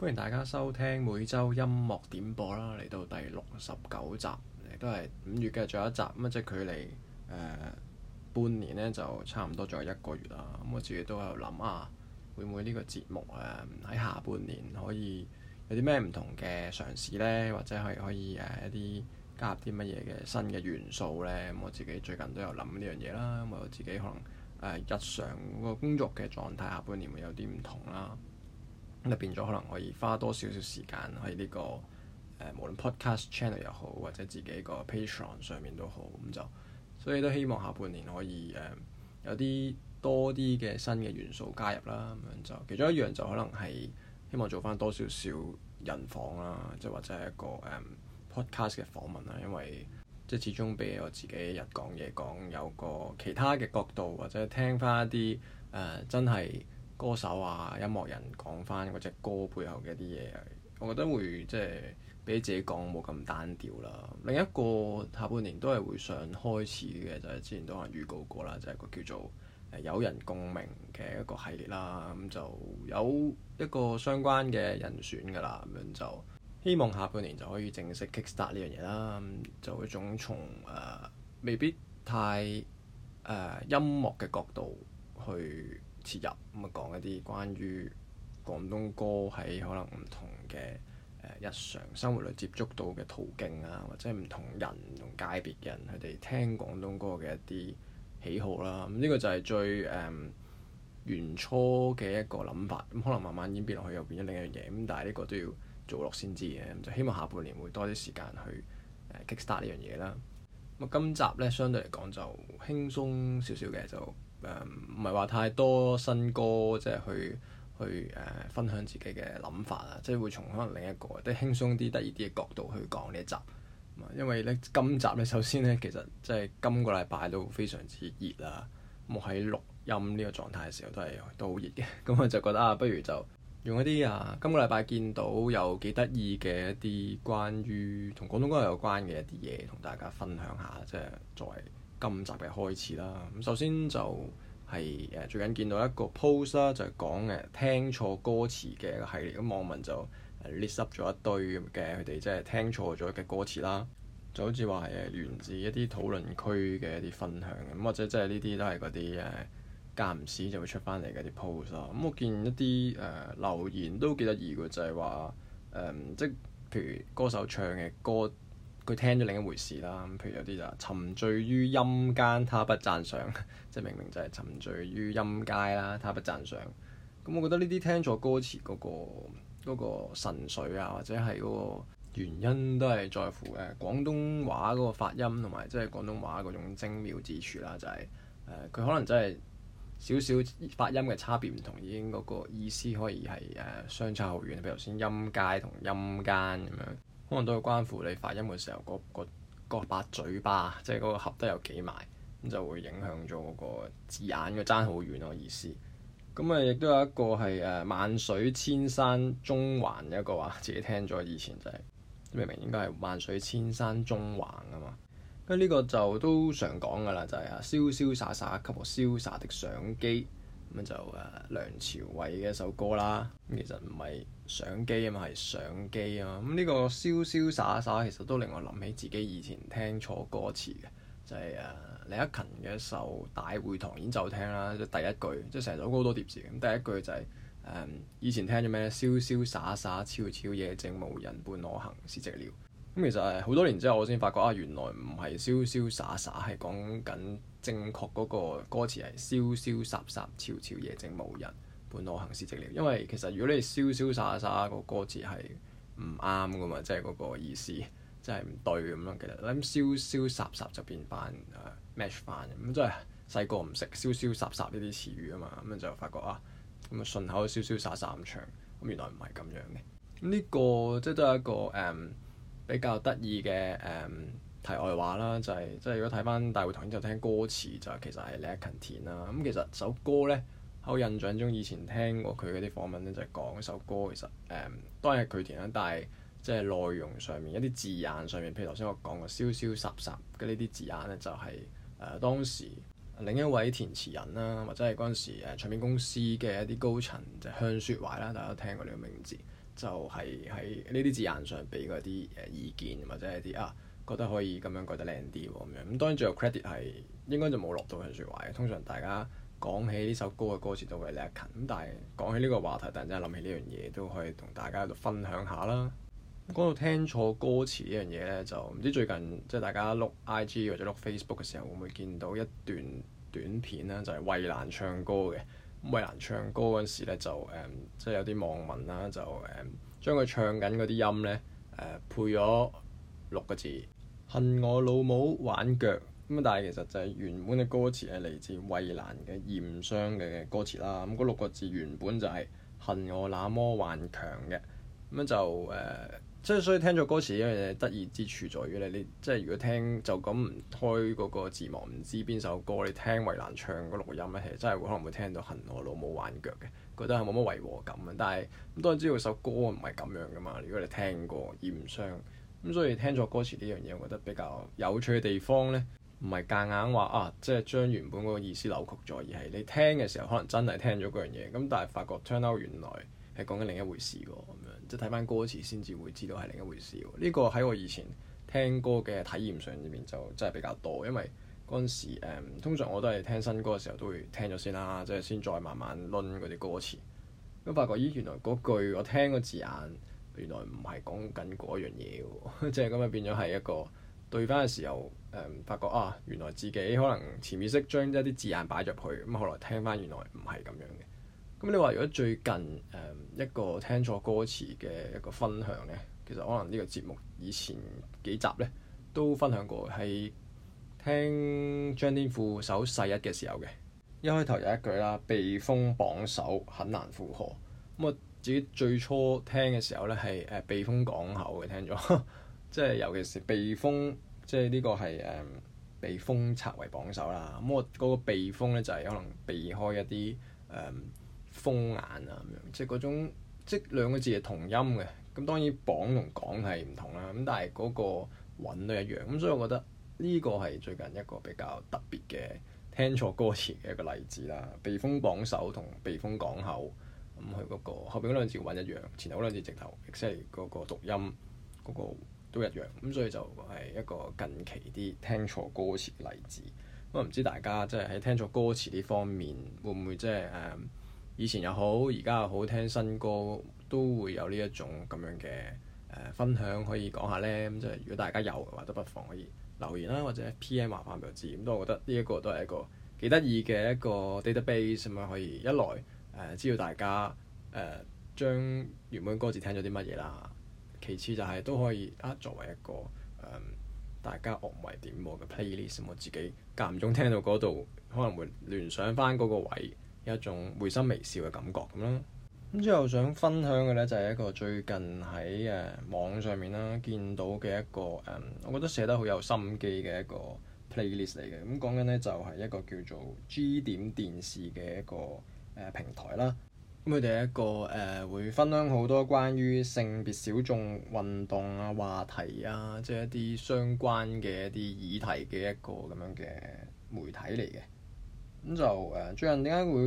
歡迎大家收聽每週音樂點播啦，嚟到第六十九集，亦都係五月嘅最後一集。咁即係距離誒、呃、半年咧，就差唔多仲有一個月啦。咁、嗯、我自己都喺度諗啊，會唔會呢個節目誒喺、呃、下半年可以有啲咩唔同嘅嘗試咧，或者係可以誒一啲加入啲乜嘢嘅新嘅元素咧？咁、嗯、我自己最近都有諗呢樣嘢啦。因為、嗯、咁我自己可能誒、呃、日常個工作嘅狀態下半年會有啲唔同啦。咁變咗可能可以花多少少時間喺呢、這個誒、呃，無論 Podcast channel 又好，或者自己個 Patreon 上面都好，咁就所以都希望下半年可以誒、呃、有啲多啲嘅新嘅元素加入啦，咁樣就其中一樣就可能係希望做翻多少少人訪啦，即係或者係一個誒、呃、Podcast 嘅訪問啦，因為即係始終俾我自己日講夜講有個其他嘅角度，或者聽翻一啲誒、呃、真係，歌手啊，音樂人講翻嗰隻歌背後嘅一啲嘢，我覺得會即係俾自己講冇咁單調啦。另一個下半年都係會想開始嘅，就係、是、之前都係預告過啦，就係、是、個叫做、呃、有人共鳴嘅一個系列啦。咁、嗯、就有一個相關嘅人選噶啦，咁樣就希望下半年就可以正式 kick start 呢樣嘢啦。咁、嗯、就一種從誒、呃、未必太誒、呃、音樂嘅角度去，切入咁啊、嗯，講一啲關於廣東歌喺可能唔同嘅、呃、日常生活裏接觸到嘅途徑啊，或者唔同人同界別人佢哋聽廣東歌嘅一啲喜好啦、啊。咁、嗯、呢、這個就係最誒原、呃、初嘅一個諗法。咁、嗯、可能慢慢演變落去又變咗另一樣嘢。咁但係呢個都要做落先知嘅、嗯，就希望下半年會多啲時間去誒、呃、kick start 呢樣嘢啦。咁、嗯、啊，今集咧相對嚟講就輕鬆少少嘅就。誒唔係話太多新歌，即係去去誒、呃、分享自己嘅諗法啊。即係會從可能另一個即係輕鬆啲、得意啲嘅角度去講呢一集。因為呢今集呢，首先呢，其實即係今個禮拜都非常之熱啊、嗯。我喺錄音呢個狀態嘅時候都，都係都好熱嘅。咁、嗯、我就覺得啊，不如就用一啲啊，今個禮拜見到有幾得意嘅一啲關於同廣東歌有關嘅一啲嘢，同大家分享下，即係作為。今集嘅開始啦，咁首先就係、是、誒最近見到一個 post 啦，就係講嘅聽錯歌詞嘅系列，咁網民就 list up 咗一堆嘅佢哋即係聽錯咗嘅歌詞啦，就好似話係誒源自一啲討論區嘅一啲分享，咁或者即係呢啲都係嗰啲誒間唔時就會出翻嚟嘅啲 post 咁我見一啲誒、呃、留言都幾得意嘅，就係話誒即係譬如歌手唱嘅歌。佢聽咗另一回事啦，譬如有啲就是、沉醉於音間，他明明於音，他不讚賞，即係明明就係沉醉於音階啦，他不讚賞。咁我覺得呢啲聽錯歌詞嗰、嗰個嗰個神髓啊，或者係嗰個原因都係在乎誒廣東話嗰個發音同埋即係廣東話嗰種精妙之處啦，就係誒佢可能真係少少發音嘅差別唔同，已經嗰個意思可以係誒、呃、相差好遠，譬如先音階同音間咁樣。可能都係關乎你發音嘅時候，嗰、那個、那個把、那個、嘴巴，即係嗰個合得有幾埋，咁就會影響咗嗰個字眼嘅差好遠我意思。咁啊，亦都有一個係誒、啊、萬水千山縱橫一嘅話，自己聽咗以前就係、是、明明應該係萬水千山縱橫啊嘛。咁呢個就都常講噶啦，就係、是、啊瀟瀟灑灑給我瀟灑的相機，咁就誒、啊、梁朝偉嘅一首歌啦。咁其實唔係。相機啊嘛，係相機啊嘛，咁、嗯、呢、呢個瀟瀟灑灑」其實都令我諗起自己以前聽錯歌詞嘅，就係誒李克勤嘅一首《大會堂演奏廳》啦，即第一句，即成首歌都多疊字嘅，咁第一句就係、是、誒、嗯、以前聽咗咩？瀟瀟灑灑》超超、《悄悄夜靜無人伴我行，是寂寥。咁、嗯、其實係好多年之後我先發覺啊，原來唔係瀟瀟灑灑」，係講緊正確嗰個歌詞係瀟瀟灑灑，悄悄夜靜無人本我行事直了，因為其實如果你係瀟瀟灑灑個歌詞係唔啱㗎嘛，即係嗰個意思即係唔對咁樣。其實諗瀟瀟灑灑就變翻 match 翻咁，即係細個唔識瀟瀟灑灑呢啲詞語啊嘛，咁就發覺啊，咁啊順口瀟瀟灑灑咁唱，咁原來唔係咁樣嘅。呢個即係都係一個誒比較得意嘅誒題外話啦，就係即係如果睇翻《大會堂》就聽歌詞就其實係 Leonard Cohen 啦。咁其實首歌咧。喺我印象中，以前聽過佢嗰啲訪問咧，就係、是、講一首歌其實誒、嗯，當然係佢填啦，但係即係內容上面一啲字眼上面，譬如頭先我講過消消殺殺嘅呢啲字眼咧，就係、是、誒、呃、當時另一位填詞人啦，或者係嗰陣時、呃、唱片公司嘅一啲高層就是、向雪懷啦，大家都聽過呢個名字，就係喺呢啲字眼上俾嗰啲誒意見或者係啲啊覺得可以咁樣改得靚啲喎咁樣。咁當然最後 credit 係應該就冇落到向雪懷，通常大家。講起呢首歌嘅歌詞都係你。咁但係講起呢個話題，突然間諗起呢樣嘢，都可以同大家喺度分享下啦。咁講到聽錯歌詞呢樣嘢呢，就唔知最近即係大家碌 IG 或者碌 Facebook 嘅時候，會唔會見到一段短片呢？就係、是、衞蘭唱歌嘅。咁衞蘭唱歌嗰陣時咧，就誒、嗯、即係有啲網民啦，就誒將佢唱緊嗰啲音呢、嗯、配咗六個字：恨我老母玩腳。咁但係其實就係原本嘅歌詞係嚟自衞蘭嘅《驗傷》嘅歌詞啦。咁嗰六個字原本就係恨我那麼頑強嘅，咁就誒，即、呃、係所以聽錯歌詞呢樣嘢得意之處在於咧，你即係如果聽就咁唔開嗰個字幕，唔知邊首歌你聽衞蘭唱嗰六個音咧，其實真係會可能會聽到恨我老母玩腳嘅，覺得係冇乜違和感嘅，但係咁當然知道首歌唔係咁樣噶嘛。如果你聽過《驗傷》，咁所以聽錯歌詞呢樣嘢，我覺得比較有趣嘅地方咧。唔係夾硬話啊，即係將原本嗰個意思扭曲咗，而係你聽嘅時候可能真係聽咗嗰樣嘢，咁但係發覺 turn out 原來係講緊另一回事喎，咁樣即係睇翻歌詞先至會知道係另一回事喎。呢個喺我以前聽歌嘅體驗上面就真係比較多，因為嗰陣時、嗯、通常我都係聽新歌嘅時候都會聽咗先啦，即係先再慢慢攤嗰啲歌詞，咁發覺咦原來嗰句我聽嘅字眼原來唔係講緊嗰樣嘢喎，即係咁啊變咗係一個對翻嘅時候。誒、嗯、發覺啊，原來自己可能潛意識將一啲字眼擺入去，咁後來聽翻原來唔係咁樣嘅。咁、嗯、你話如果最近誒、嗯、一個聽錯歌詞嘅一個分享呢？其實可能呢個節目以前幾集呢都分享過，係聽張天賦首《世一》嘅時候嘅。一開頭有一句啦，避風榜首很難負荷。咁、嗯、啊，自己最初聽嘅時候呢，係誒避風港口嘅聽咗，即係尤其是避風。即係呢個係誒避風拆為榜首啦。咁我嗰個避風咧就係、是、可能避開一啲誒風眼啊咁樣。即係嗰種即兩個字係同音嘅。咁當然榜同港係唔同啦。咁但係嗰個韻都一樣。咁所以我覺得呢個係最近一個比較特別嘅聽錯歌詞嘅一個例子啦。避風榜首同避風港口，咁佢嗰個後邊嗰兩字韻一樣，前頭嗰兩字直頭，即係嗰個讀音嗰、嗰個。都一樣，咁所以就係一個近期啲聽錯歌詞例子。咁啊，唔知大家即係喺聽錯歌詞呢方面，會唔會即係誒以前又好，而家又好聽新歌，都會有呢一種咁樣嘅誒、呃、分享可以講下呢？咁即係如果大家有，嘅話都不妨可以留言啦、啊，或者 P.M. 麻煩俾我知。咁都我覺得呢一個都係一個幾得意嘅一個 database 咁、嗯、啊，可以一來誒、呃、知道大家誒、呃、將原本歌詞聽咗啲乜嘢啦。其次就係都可以啊，作為一個、嗯、大家惡為點播嘅 playlist、嗯、我自己間唔中聽到嗰度，可能會聯想翻嗰個位，有一種會心微笑嘅感覺咁咯。咁、嗯、之後想分享嘅呢，就係、是、一個最近喺誒、啊、網上面啦見到嘅一個誒、嗯，我覺得寫得好有心機嘅一個 playlist 嚟嘅。咁講緊呢，就係一個叫做 G 點電視嘅一個平台啦。咁佢哋一個誒、呃、會分享好多關於性別小眾運動啊、話題啊，即係一啲相關嘅一啲議題嘅一個咁樣嘅媒體嚟嘅。咁就誒、呃、最近點解會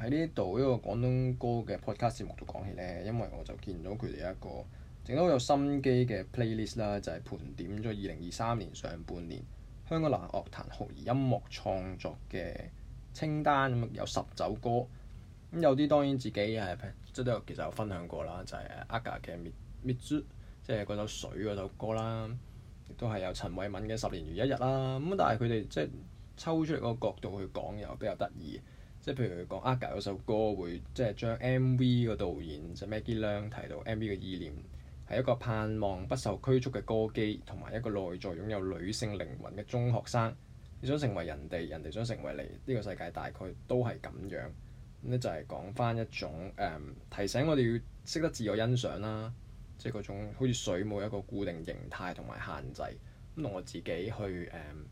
喺呢度呢個廣東歌嘅 podcast 節目度講起咧？因為我就見到佢哋一個整得好有心機嘅 playlist 啦，就係、是、盤點咗二零二三年上半年香港流行樂壇酷兒音樂創作嘅清單，咁有十首歌。咁、嗯、有啲當然自己係即都有其實有分享過啦，就係、是、Aga 嘅《Mit m i t 即係嗰首水嗰首歌啦，亦都係有陳偉敏嘅《十年如一日》啦。咁但係佢哋即係抽出嚟個角度去講又比較得意，即係譬如講 Aga 有首歌會即係將 M V 個導演就是、Maggie Lung 提到 M V 嘅意念係一個盼望不受拘束嘅歌姬，同埋一個內在擁有女性靈魂嘅中學生。你想成為人哋，人哋想成為你呢、這個世界大概都係咁樣。咧、嗯、就係、係、講翻一種誒、嗯、提醒我哋要識得自我欣賞啦，即係嗰種好似水冇一個固定形態同埋限制。咁、嗯、同我自己去誒、嗯、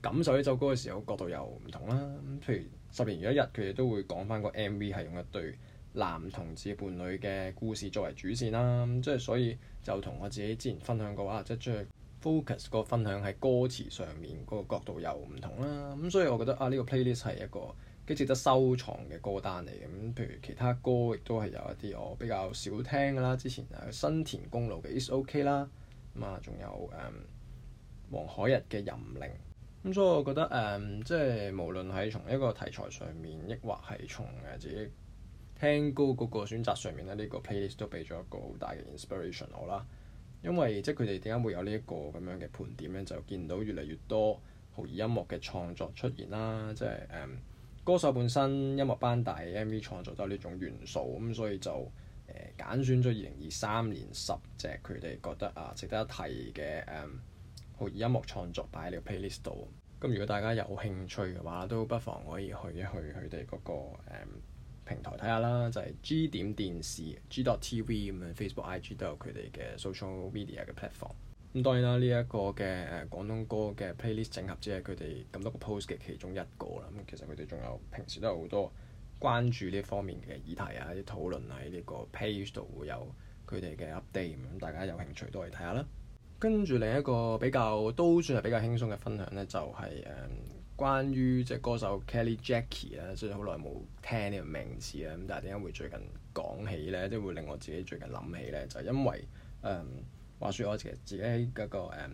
感受呢首歌嘅時候角度又唔同啦。咁、嗯、譬如十年如一日，佢哋都會講翻個 M V 係用一對男同志伴侶嘅故事作為主線啦。咁、嗯、即係所以就同我自己之前分享嘅話，即係 focus 個分享喺歌詞上面個角度又唔同啦。咁、嗯、所以我覺得啊，呢、呢個 playlist 係一個幾值得收藏嘅歌單嚟嘅。咁，譬如其他歌亦都係有一啲我比較少聽嘅啦。之前誒新田公路嘅《It's OK》啦，咁啊，仲有誒黃海日嘅《任令》，咁、嗯，所以我覺得誒、嗯、即係無論係從一個題材上面，抑或係從誒自己聽歌嗰個選擇上面咧，呢、這個 playlist 都俾咗一個好大嘅 inspiration 我啦。因為即係佢哋點解會有呢一個咁樣嘅盤點咧？就見到越嚟越多酷兒音樂嘅創作出現啦，即係誒。嗯歌手本身音樂班底，M.V. 創作都有呢種元素咁，所以就誒揀、呃、選咗二零二三年十隻佢哋覺得啊值得一提嘅誒好音樂創作擺喺個 playlist 度。咁、嗯、如果大家有興趣嘅話，都不妨可以去一去佢哋嗰個誒、嗯、平台睇下啦，就係、是、G 點電視 g.tv 咁樣 Facebook、I.G 都有佢哋嘅 social media 嘅 platform。咁當然啦，呢、這、一個嘅誒廣東歌嘅 playlist 整合只係佢哋咁多個 post 嘅其中一個啦。咁其實佢哋仲有平時都有好多關注呢方面嘅議題啊，啲討論喺呢個 page 度會有佢哋嘅 update。咁大家有興趣都可以睇下啦。跟住另一個比較都算係比較輕鬆嘅分享咧，就係、是、誒、嗯、關於即係歌手 Kelly Jackie 咧，雖然好耐冇聽呢個名字啊，咁但係點解會最近講起咧，都會令我自己最近諗起咧，就係、是、因為誒。嗯話説我其實自己喺嗰、那個、um,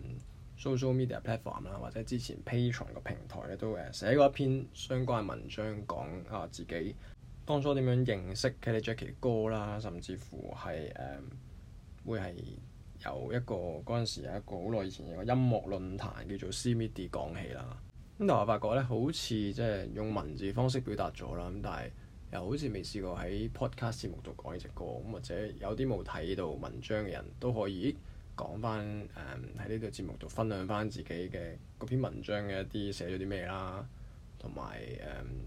social media platform 啦，或者之前 Patreon 個平台咧都誒寫過一篇相關文章，講啊自己當初點樣認識 Kellyjackie 歌啦，甚至乎係誒、um, 會係由一個嗰陣時有一個好耐以前嘅音樂論壇叫做 cmidi 講起啦。咁但我發覺咧，好似即係用文字方式表達咗啦，咁但係又好似未試過喺 podcast 節目度講呢隻歌，咁或者有啲冇睇到文章嘅人都可以。講翻誒喺呢個節目度分享翻自己嘅嗰篇文章嘅一啲寫咗啲咩啦，同埋誒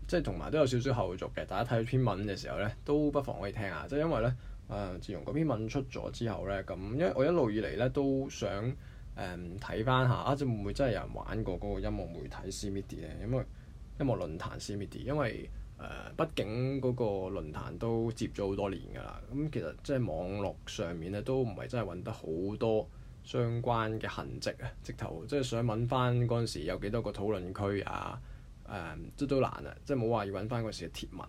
即係同埋都有少少後續嘅，大家睇咗篇文嘅時候咧，都不妨可以聽下，就因為咧誒、呃、自從嗰篇文出咗之後咧，咁因為我一路以嚟咧都想誒睇翻下啊，即會唔會真係有人玩過嗰個音樂媒體 cmidi 咧？因為音樂論壇 cmidi，因為。誒，uh, 畢竟嗰個論壇都接咗好多年㗎啦，咁其實即係網絡上面咧都唔係真係揾得好多相關嘅痕跡啊！直頭即係想揾翻嗰陣時有幾多個討論區啊都、啊、都難啊！即係冇話要揾翻嗰時嘅帖文，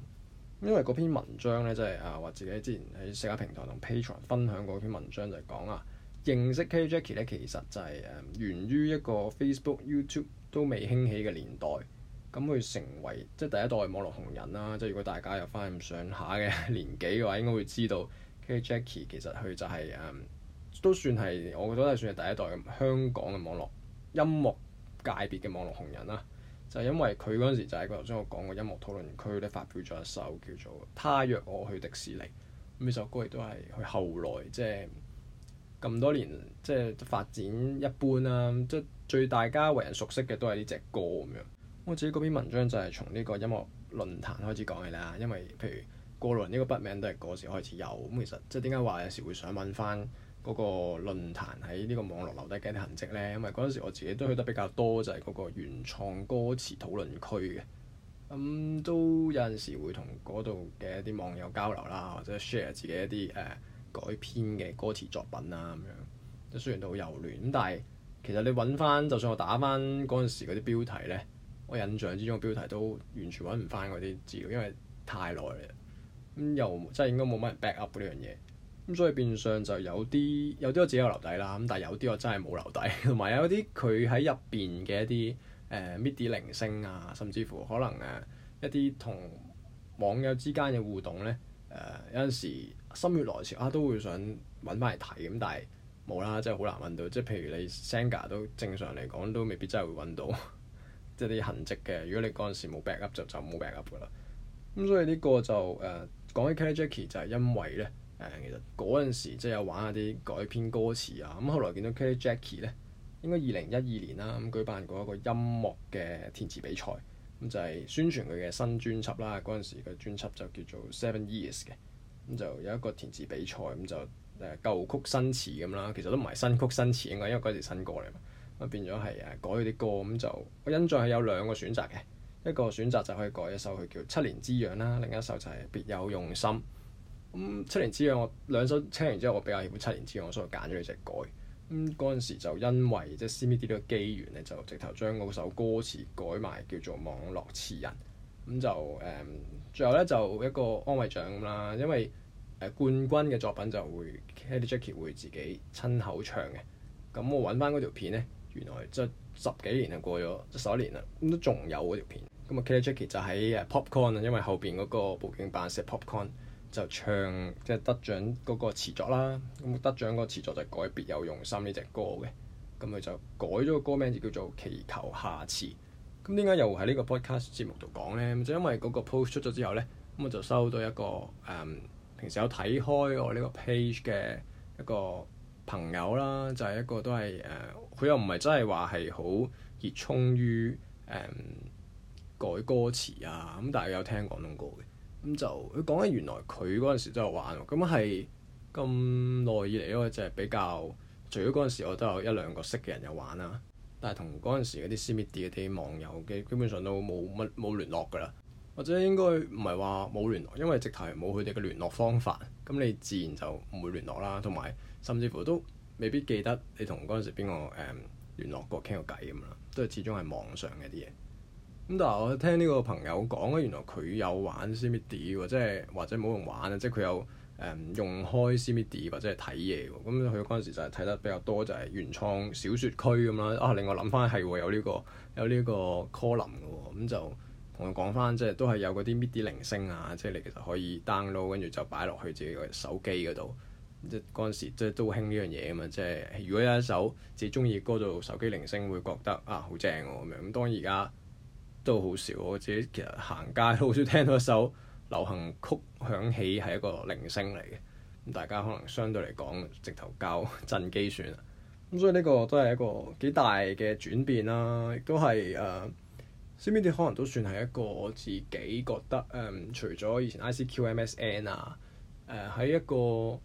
因為嗰篇文章呢，即、就、係、是、啊話自己之前喺社交平台同 Patreon 分享過嗰篇文章就係講啊認識 Kellyjackie 呢，其實就係、是啊、源於一個 Facebook、YouTube 都未興起嘅年代。咁佢成為即係第一代網絡紅人啦、啊。即係如果大家有翻咁上下嘅年紀嘅話，應該會知道。Kelly Jackie 其實佢就係、是、誒、嗯，都算係我覺得係算係第一代香港嘅網絡音樂界別嘅網絡紅人啦、啊。就是、因為佢嗰陣時就喺頭先我講嘅音樂討論區咧發表咗一首叫做《他約我去迪士尼》咁，呢首歌亦都係佢後來即係咁多年即係發展一般啦、啊。即係最大家為人熟悉嘅都係呢隻歌咁樣。我自己嗰篇文章就係從呢個音樂論壇開始講嘅啦，因為譬如過路人呢個筆名都係嗰時開始有咁，其實即係點解話有時會想揾翻嗰個論壇喺呢個網絡留低嘅一啲痕跡呢？因為嗰陣時我自己都去得比較多，就係嗰個原創歌詞討論區嘅，咁、嗯、都有陣時會同嗰度嘅一啲網友交流啦，或者 share 自己一啲誒、uh, 改編嘅歌詞作品啊咁樣。即雖然都好遊聯，但係其實你揾翻，就算我打翻嗰陣時嗰啲標題呢。我印象之中標題都完全揾唔翻嗰啲字，因為太耐啦。咁又真係應該冇乜人 back up 呢樣嘢，咁、嗯、所以變相就有啲有啲我自己有留底啦。咁但係有啲我真係冇留底，同埋有啲佢喺入邊嘅一啲誒、呃、midi 鈴聲啊，甚至乎可能誒、啊、一啲同網友之間嘅互動呢。誒、呃、有陣時心血來潮啊都會想揾翻嚟睇，咁但係冇啦，真係好難揾到。即係譬如你 Senga 都正常嚟講都未必真係會揾到。即係啲痕跡嘅，如果你嗰陣時冇 backup，就就冇 backup 噶啦。咁所以呢個就誒、呃、講起 Kelly Jackie 就係因為咧誒、呃，其實嗰陣時即係有玩下啲改編歌詞啊。咁後來見到 Kelly Jackie 咧，應該二零一二年啦，咁、嗯、舉辦過一個音樂嘅填詞比賽，咁、嗯、就係、是、宣傳佢嘅新專輯啦。嗰陣時嘅專輯就叫做 Seven Years 嘅，咁、嗯、就有一個填詞比賽，咁、嗯、就誒、呃、舊曲新詞咁啦。其實都唔係新曲新詞應該，因為嗰陣時新歌嚟嘛。咁變咗係誒改佢啲歌，咁就我印象係有兩個選擇嘅，一個選擇就可以改一首佢叫《七年之癢》啦，另一首就係、是《別有用心》。咁《七年之癢》我兩首七年之後，我比較喜歡《七年之癢》，所以我揀咗佢嚟改。咁嗰陣時就因為即係 cmidi 呢個機緣咧，就直頭將嗰首歌詞改埋叫做網絡詞人。咁就誒、嗯、最後咧就一個安慰獎啦，因為誒冠軍嘅作品就會 Kellyjackie 會自己親口唱嘅。咁我揾翻嗰條片咧。原來即係十幾年啊，過咗十一年啦，咁都仲有嗰條片。咁啊，Kelly Jackie 就喺誒 popcorn 啊，因為後邊嗰個佈景板寫 popcorn，就唱即係、就是、得獎嗰個詞作啦。咁得獎嗰個詞作就改別有用心呢隻歌嘅。咁佢就改咗個歌名就叫做祈求下次。咁點解又喺呢個 podcast 節目度講咧？就因為嗰個 post 出咗之後咧，咁我就收到一個誒、嗯，平時有睇開我呢個 page 嘅一個朋友啦，就係、是、一個都係誒，佢、呃、又唔係真係話係好熱衷於誒、呃、改歌詞啊。咁但係有聽廣東歌嘅，咁就佢講緊原來佢嗰陣時都有玩喎。咁係咁耐以嚟咧，就係比較除咗嗰陣時，我都有一兩個識嘅人有玩啦。但係同嗰陣時嗰啲 cmidi 啲嘅網友嘅，基本上都冇乜冇聯絡㗎啦。或者應該唔係話冇聯絡，因為直頭係冇佢哋嘅聯絡方法，咁你自然就唔會聯絡啦。同埋甚至乎都未必記得你同嗰陣時邊個誒聯絡過傾過偈咁啦。都係始終係網上嘅啲嘢。咁但係我聽呢個朋友講咧，原來佢有玩 cmidi 喎，即係或者冇用玩啊，即係佢有誒用開 cmidi 或者係睇嘢喎。咁佢嗰陣時就係睇得比較多，就係、是、原創小説區咁啦。啊，另外諗翻係喎，有呢個有呢個柯林嘅喎，咁就。我講翻即係都係有嗰啲 MIDI 鈴聲啊，即係你其實可以 download 跟住就擺落去自己個手機嗰度。即係嗰時即係都好興呢樣嘢啊嘛，即係如果有一首自己中意歌做手機鈴聲，會覺得啊好正喎咁樣。咁當然而家都好少，我自己其實行街都好少聽到一首流行曲響起係一個鈴聲嚟嘅。咁大家可能相對嚟講，直頭交震機算啊。咁所以呢個都係一個幾大嘅轉變啦，亦都係誒。cmidi 可能都算係一個我自己覺得誒、嗯，除咗以前 I-C-Q-M-S-N 啊，誒、呃、喺一個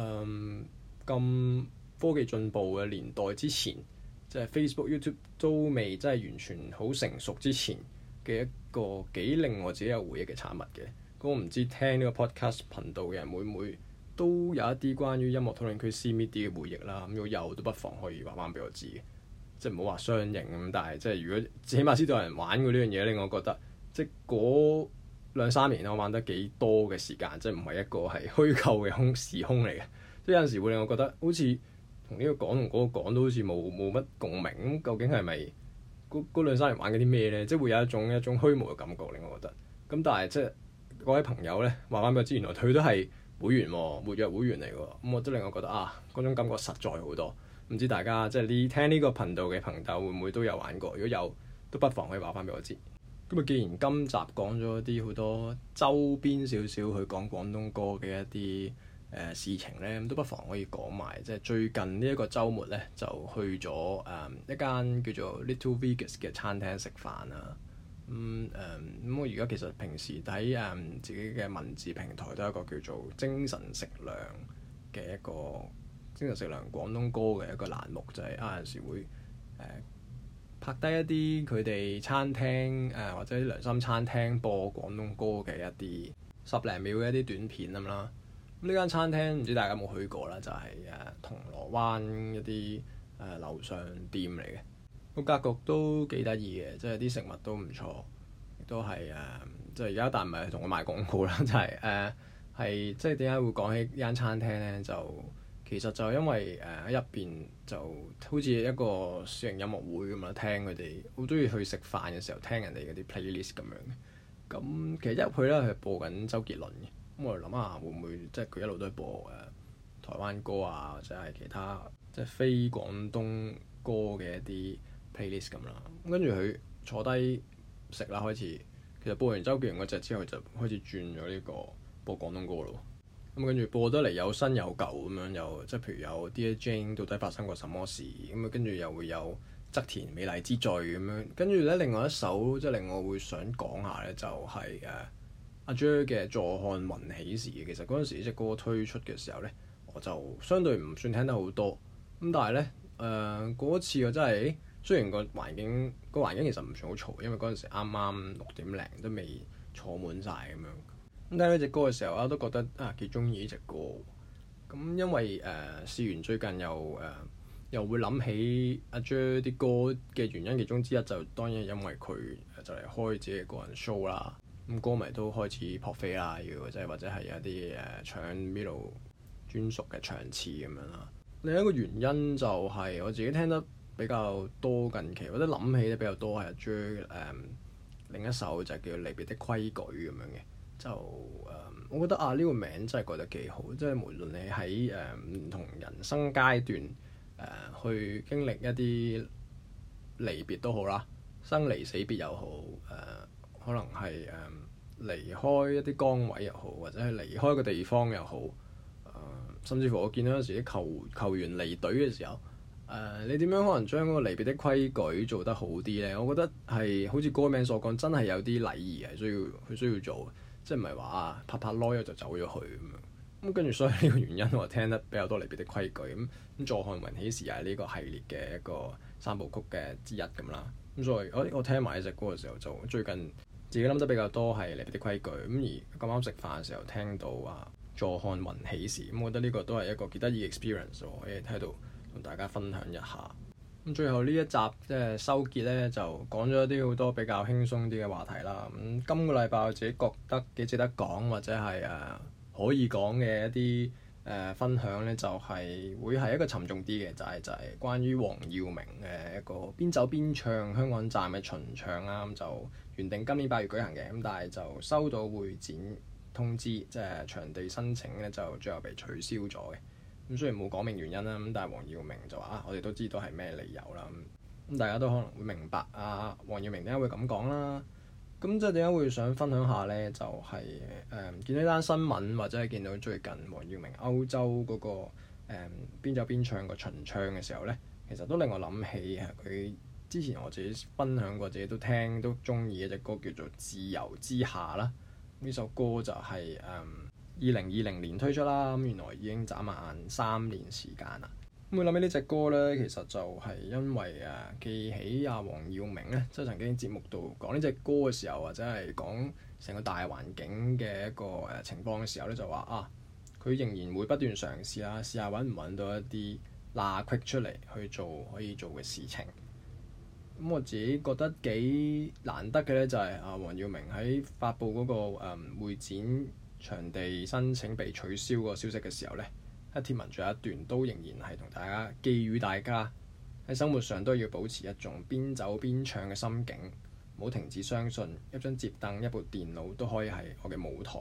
嗯咁科技進步嘅年代之前，即、就、係、是、Facebook、YouTube 都未真係完全好成熟之前嘅一個幾令我自己有回憶嘅產物嘅。嗰、嗯、我唔知聽呢個 Podcast 頻道嘅人會唔會都有一啲關於音樂討論區 cmidi 嘅回憶啦。咁、嗯、如果有都不妨可以話翻俾我知嘅。即係冇話相認咁，但係即係如果起碼知道有人玩過呢樣嘢，令我覺得即係嗰兩三年我玩得幾多嘅時間，即係唔係一個係虛構嘅空時空嚟嘅。即係有陣時會令我覺得好似同呢個講同嗰個講都好似冇冇乜共鳴。究竟係咪嗰兩三年玩緊啲咩咧？即係會有一種一種虛無嘅感覺令我覺得。咁但係即係嗰位朋友咧慢慢俾我知，原來佢都係會員喎，活躍會員嚟嘅喎。咁我都令我覺得啊，嗰種感覺實在好多。唔知大家即係呢聽呢個頻道嘅朋友會唔會都有玩過？如果有，都不妨可以話翻俾我知。咁啊，既然今集講咗啲好多周邊少少去講廣東歌嘅一啲誒、呃、事情呢，都不妨可以講埋。即係最近呢一個周末呢，就去咗誒、嗯、一間叫做 Little Vegas 嘅餐廳食飯啊。咁、嗯、誒，咁、嗯嗯、我而家其實平時睇誒、嗯、自己嘅文字平台都有一個叫做精神食糧嘅一個。精神食良廣東歌嘅一個欄目，就係、是、啊有時會誒、呃、拍低一啲佢哋餐廳誒、呃、或者良心餐廳播廣東歌嘅一啲十零秒嘅一啲短片咁啦。呢間餐廳唔知大家有冇去過啦，就係、是、誒、呃、銅鑼灣一啲誒樓上店嚟嘅，個格局都幾得意嘅，即係啲食物都唔錯，都係誒。即係而家但唔係同我賣廣告啦、 就是呃，就係誒係即係點解會講起呢間餐廳咧？就其實就因為誒喺入邊就好似一個小型音樂會咁啦，聽佢哋好中意去食飯嘅時候聽人哋嗰啲 playlist 咁樣嘅。咁、嗯、其實一入去咧，佢播緊周杰倫嘅。咁、嗯、我哋諗下會唔會即係佢一路都係播誒、呃、台灣歌啊，或者係其他即係非廣東歌嘅一啲 playlist 咁啦。跟住佢坐低食啦，開始其實播完周杰倫嗰隻之後，就開始轉咗呢個播廣東歌咯。咁跟住播得嚟有新有舊咁樣，又即係譬如有 Dear Jane 到底發生過什麼事，咁啊跟住又會有側田《美麗之最》咁樣，跟住咧另外一首即係令我會想講下咧，就係誒阿 J 嘅坐看雲起時。其實嗰陣時隻歌推出嘅時候咧，我就相對唔算聽得好多。咁但係咧誒嗰次我真係雖然個環境個環境其實唔算好嘈，因為嗰陣時啱啱六點零都未坐滿晒咁樣。聽呢隻歌嘅時候啊，我都覺得啊幾中意呢隻歌。咁、嗯、因為誒，試、呃、完最近又誒、呃、又會諗起阿 Jade 啲歌嘅原因，其中之一就當然因為佢就嚟開自己嘅個人 show 啦。咁、嗯、歌迷都開始撲飛啦，要即係或者係一啲誒搶呢度專屬嘅場次咁樣啦。另一個原因就係、是、我自己聽得比較多，近期或者得諗起得比較多係阿 Jade、呃、另一首就叫《離別的規矩》咁樣嘅。就誒、嗯，我覺得啊，呢、這個名真係覺得幾好。即、就、係、是、無論你喺誒唔同人生階段誒、嗯、去經歷一啲離別都好啦、嗯，生離死別又好誒、嗯、可能係誒離開一啲崗位又好，或者係離開個地方又好誒、嗯。甚至乎我見到有時啲球球員離隊嘅時候誒、嗯、你點樣可能將嗰個離別的規矩做得好啲咧？我覺得係好似歌名所講真係有啲禮儀係需要佢需要做。即係唔係話拍拍籮柚就走咗去咁樣，咁、嗯、跟住所以呢個原因我聽得比較多離別的規矩咁，咁、嗯、坐看雲起時係呢個系列嘅一個三部曲嘅之一咁啦。咁、嗯、所以我我聽埋呢隻歌嘅時候就最近自己諗得比較多係離別的規矩咁、嗯，而咁啱食飯嘅時候聽到話、啊、坐看雲起時，咁、嗯、我覺得呢個都係一個幾得意嘅 experience，以喺度同大家分享一下。咁最後呢一集即係收結呢，就講咗啲好多比較輕鬆啲嘅話題啦。咁、嗯、今個禮拜我自己覺得幾值得講或者係、啊、可以講嘅一啲誒、呃、分享呢，就係、是、會係一個沉重啲嘅，就係、是、就係、是、關於黃耀明嘅一個邊走邊唱香港站嘅巡唱啦。咁、啊、就原定今年八月舉行嘅，咁但係就收到會展通知，即、就、係、是、場地申請呢，就最後被取消咗嘅。咁雖然冇講明原因啦，咁但係黃耀明就話、啊：我哋都知道係咩理由啦。咁大家都可能會明白啊，黃耀明點解會咁講啦。咁即係點解會想分享下呢？就係、是、誒、嗯、見到單新聞或者係見到最近黃耀明歐洲嗰、那個、嗯、邊走邊唱個巡唱嘅時候呢，其實都令我諗起佢之前我自己分享過，自己都聽都中意一隻歌叫做《自由之下》啦。呢首歌就係、是嗯二零二零年推出啦，咁原來已經眨眼三年時間啦。咁我諗起呢隻歌呢，其實就係因為誒記起阿黃耀明呢，即係曾經節目度講呢隻歌嘅時候，或者係講成個大環境嘅一個誒情況嘅時候呢，就話啊，佢仍然會不斷嘗試啊，試下揾唔揾到一啲罅隙出嚟去做可以做嘅事情。咁我自己覺得幾難得嘅呢，就係啊黃耀明喺發布嗰、嗰個誒、嗯、會展場地申請被取消個消息嘅時候呢，一貼文仲有一段都仍然係同大家寄語，大家喺生活上都要保持一種邊走邊唱嘅心境，唔好停止相信一張摺凳、一部電腦都可以係我嘅舞台。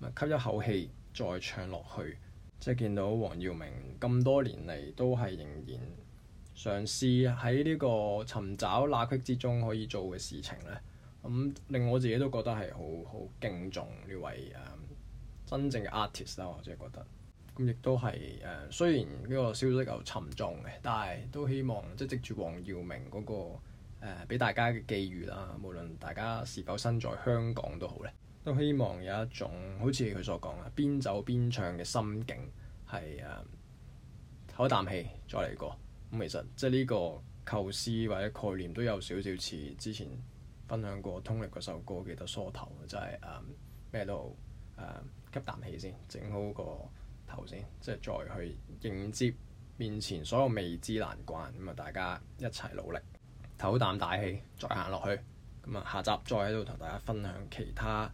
吸一口氣再唱落去，即係見到黃耀明咁多年嚟都係仍然嘗試喺呢個尋找罅隙之中可以做嘅事情呢。咁、嗯、令我自己都覺得係好好敬重呢位誒。嗯真正嘅 artist 啦，我真係覺得咁亦都係誒、呃。雖然呢個消息夠沉重嘅，但係都希望即係藉住黃耀明嗰、那個誒俾、呃、大家嘅機遇啦。無論大家是否身在香港都好咧，都希望有一種好似佢所講啊，邊走邊唱嘅心境係誒，唞、呃、一啖氣再嚟過。咁、嗯、其實即係呢、這個構思或者概念都有少少似之前分享過通力嗰首歌，叫做《梳頭》就是，就係誒咩都。好。誒、uh, 吸啖氣先，整好個頭先，即係再去迎接面前所有未知難關。咁啊，大家一齊努力，唞啖大氣，再行落去。咁、嗯、啊，下集再喺度同大家分享其他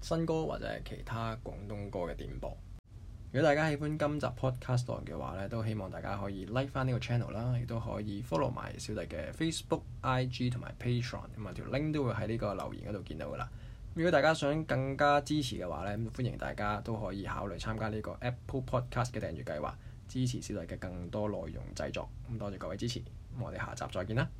新歌或者係其他廣東歌嘅點播。如果大家喜歡今集 podcast 嘅話咧，都希望大家可以 like 返呢個 channel 啦，亦都可以 follow 埋小弟嘅 Facebook、IG 同埋 Patreon。咁啊，條 link 都會喺呢個留言嗰度見到㗎喇。如果大家想更加支持嘅話咧，歡迎大家都可以考慮參加呢個 Apple Podcast 嘅訂閱計劃，支持小黎嘅更多內容製作。咁多謝各位支持，我哋下集再見啦。